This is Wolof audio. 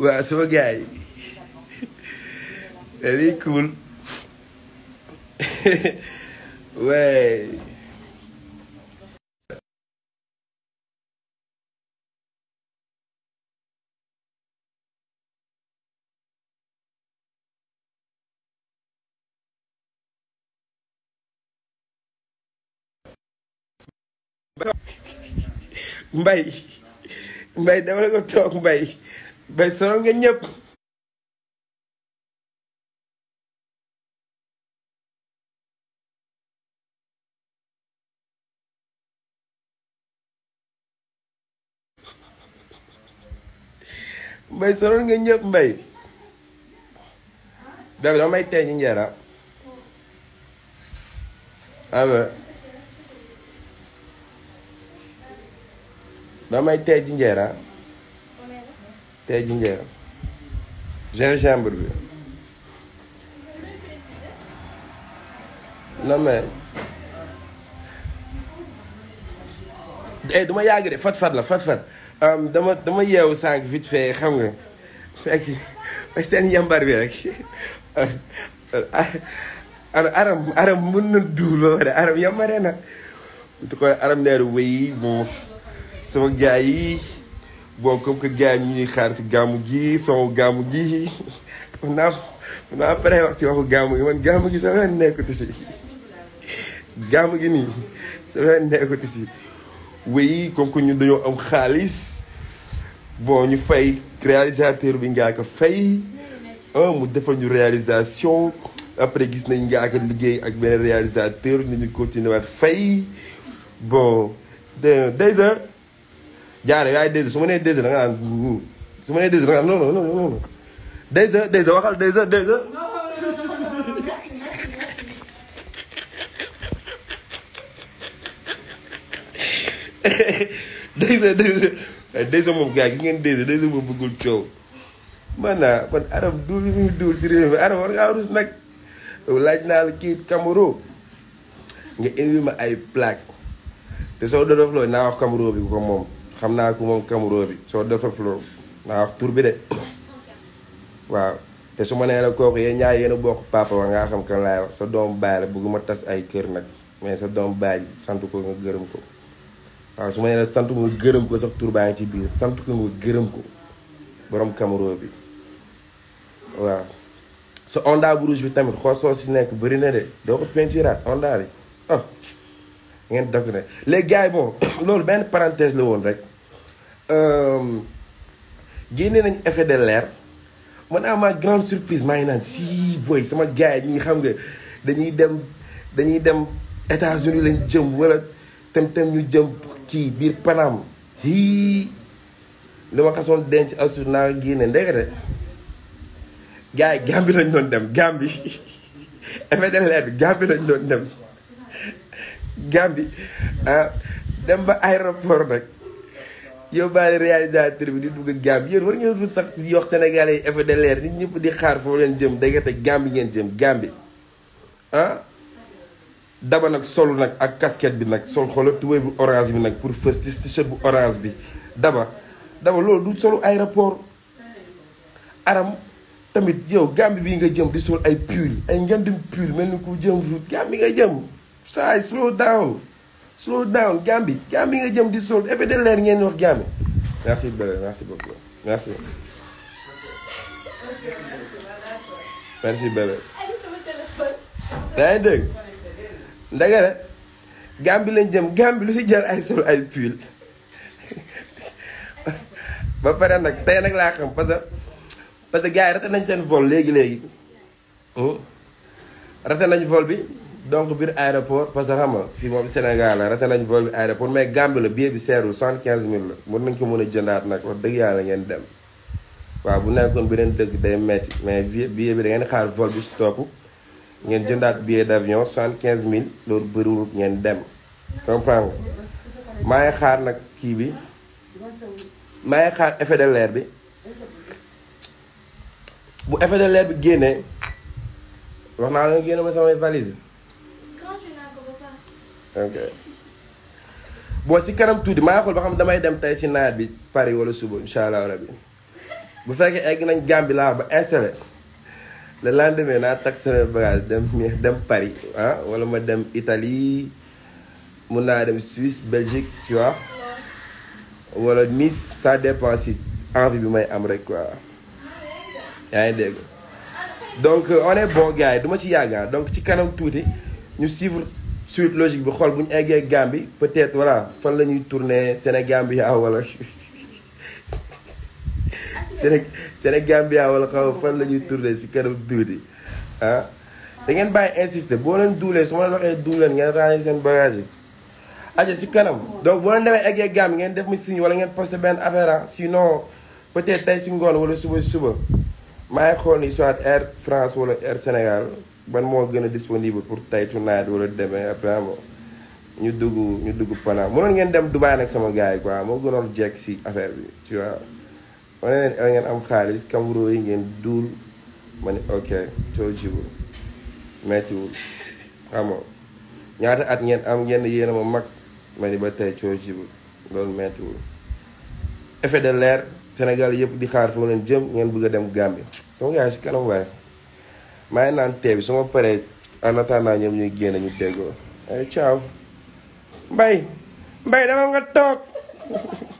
waa soo gaay very cool way But mbay mbay dama la ko toog mbay mbay sonal nga ñëpp mbay sonal nga ñëpp mbay dama may teeñ njera ama damay tey ji njeera tey ji njeera gingembre bi na mais eh, duma yàgg de fat fat la fat fat dama dama yeewu sànq vite fait xam nga fekk seen yambar bi aram aram mën na duul ba pare aram yambaree na du ko aram neeru wéy moom se gars yi bon comme que gars yi ñu gamugi xaar si gàmmu não son gàmmu gi mun naa gamugi mas gamugi wax si waxu gàmmu gi man gàmmu gi sama nekkatu si gàmmu gi nii sama nekkatu si wéy comme que ñu dañoo am xaalis bon ñu fay réalisateur bi ngaa ko fay mu defal ñu realização après gis nañ ngaa ko liggéey ak benn réalisateur ni ñu continuer waat fay bon de déjà jaare yaay Dèjà su ma nee Dèjà da naan hmm, su ma nee Dèjà da nga man ah man Adam duul yi muy duul si réew mi Adam laaj naa la kii Cameroun indi ma ay plaque te moom. xam naa ko moom Cameroun bi soo defa floo naa wax tur bi de waaw te su ma nee la kooku yéen ñaar yéen a bokk papa wax ngaa xam kan laay wax sa doom baay la bëgguma tas ay kër nag mais sa doom baay sant ko nga gërëm ko waaw su ma nee la sant ko gërëm ko sax tur baa ngi ci biir sant ko nga gërëm ko boroom Cameroun bi waaw sa onda bu rouge bi tamit xoos-xoos si nekk bëri na de doo ko peinturaat onda bi ah ngeen def ne léegi gars yi loolu benn parenthèse la woon rek. Euh, génne nañ effet de l'air man à ma grande surprise maa ngi naan si boy sama gars ñi xam nga dañuy dem dañuy dem États-Unis lañ jëm wala tem-tem ñu jëm kii biir Panam hii li ma kasoon denc assur naa génne ndekete gars yi Gambie lañ doon dem Gambie effet de l'air bi Gambie lañ doon dem Gambie ah dem ba aéroport nag yóbbaale réalisateur bi di dugg ak Gambie yéen war ngeen du sax yox Sénégalais yi effet de l'air nit ñëpp di xaar foofu leen jëm dégate Gambie ngeen jëm Gambie ah daba nag sol nag ak casquette bi nag sol xoolal tubéy bu orange bi nag pour fës t-shirt bu orange bi daba daba loolu du solu aéroport aram tamit yow Gambie bii nga jëm di sol ay pull ay ngandum pull mel ni ku jëm fu Gambie nga jëm saay slow down slow down Gambie Gambie nga jëm di sol effet de l'air ngeen wax Gambie merci belle merci beaucoup merci. merci belle. yaa ngi dégg ndagare Gambie lañ jëm Gambie lu si jar ay sol ay pull ba pare nag tey nag laa xam parce que parce que gars yi nañ seen vol léegi léegi oh. raté nañ vol bi. donc biir aéroport parce que xam nga fii moom Sénégal la raté nañ vol aéroport mais Gambie la billet bi seerul soixante quinze mille la mën nañ ko mën a jëndaat nag wax dëgg yàlla ngeen dem waaw bu nekkoon beneen dëgg day metti mais billet bi da ngeen xaar vol bi si ngeen jëndaat bi d' avion soixante quinze mille loolu bëriwul ngeen dem comprendre nga ngi xaar nag kii bi maa ngi xaar effet de l'air bi bu effet de l'air bi génnee wax naa la nga génne ma samay valise ok boo si kanam tuuti maa xool ba xam damay dem tey si naar bi Paris wala suba incha allah rabi bu fekkee egg nañ Gambie laa ba installé le lendemain naa takk sama bagage dem dem Paris ah wala ma dem Italie mun naa dem Suisse Belgique tu vois wala Nice ça dépend si envie bi may am rek quoi yaa ngi dégg donc on est bon yi duma ci yàggaa ah. donc ci kanam tuuti ñu suivre. suite logique bi xol buñu ñu eggee Gambie peut-être voilà fan la ñuy tourner Sénégambia wala Séné Sénégambia wala xaw fan lañuy tourner ci kanam tuuti ah. da ngeen bay insister bo leen doulé suma ma leen waxee duul leen ngeen ranger seen bagage yi. aja si kanam donc bo leen demee eggee Gambie ngeen def mi signe wala ngeen poster ben affaire ah. sinon peut-être tay ci ngoon wala suba suba may xol ni soit Air France wala Air Sénégal. ban moo gën a disponible pour tey tonight wala demee après ñu dugg ñu dugg Pana mënoon ngeen dem Dubaay nag sama gars yi quoi moo gënoon jekk si affaire bi tu vois. ma ne leen ngeen am xaalis Cameroun yi ngeen duul ma ne ok coow jiwul méttiwul xam ñaata at ngeen am ngeen yéen a ma mag ma ni ba tey coow jiwul loolu méttiwul. effet de l'air Sénégal yëpp di xaar foo leen jëm ngeen bëgg a dem Gambie sama gars si kanam waaye. maa ngi naan tee bi su ma paree en attendant ñoom ñuy génn ñu déggoo ay eh, ciao mbay dama nga toog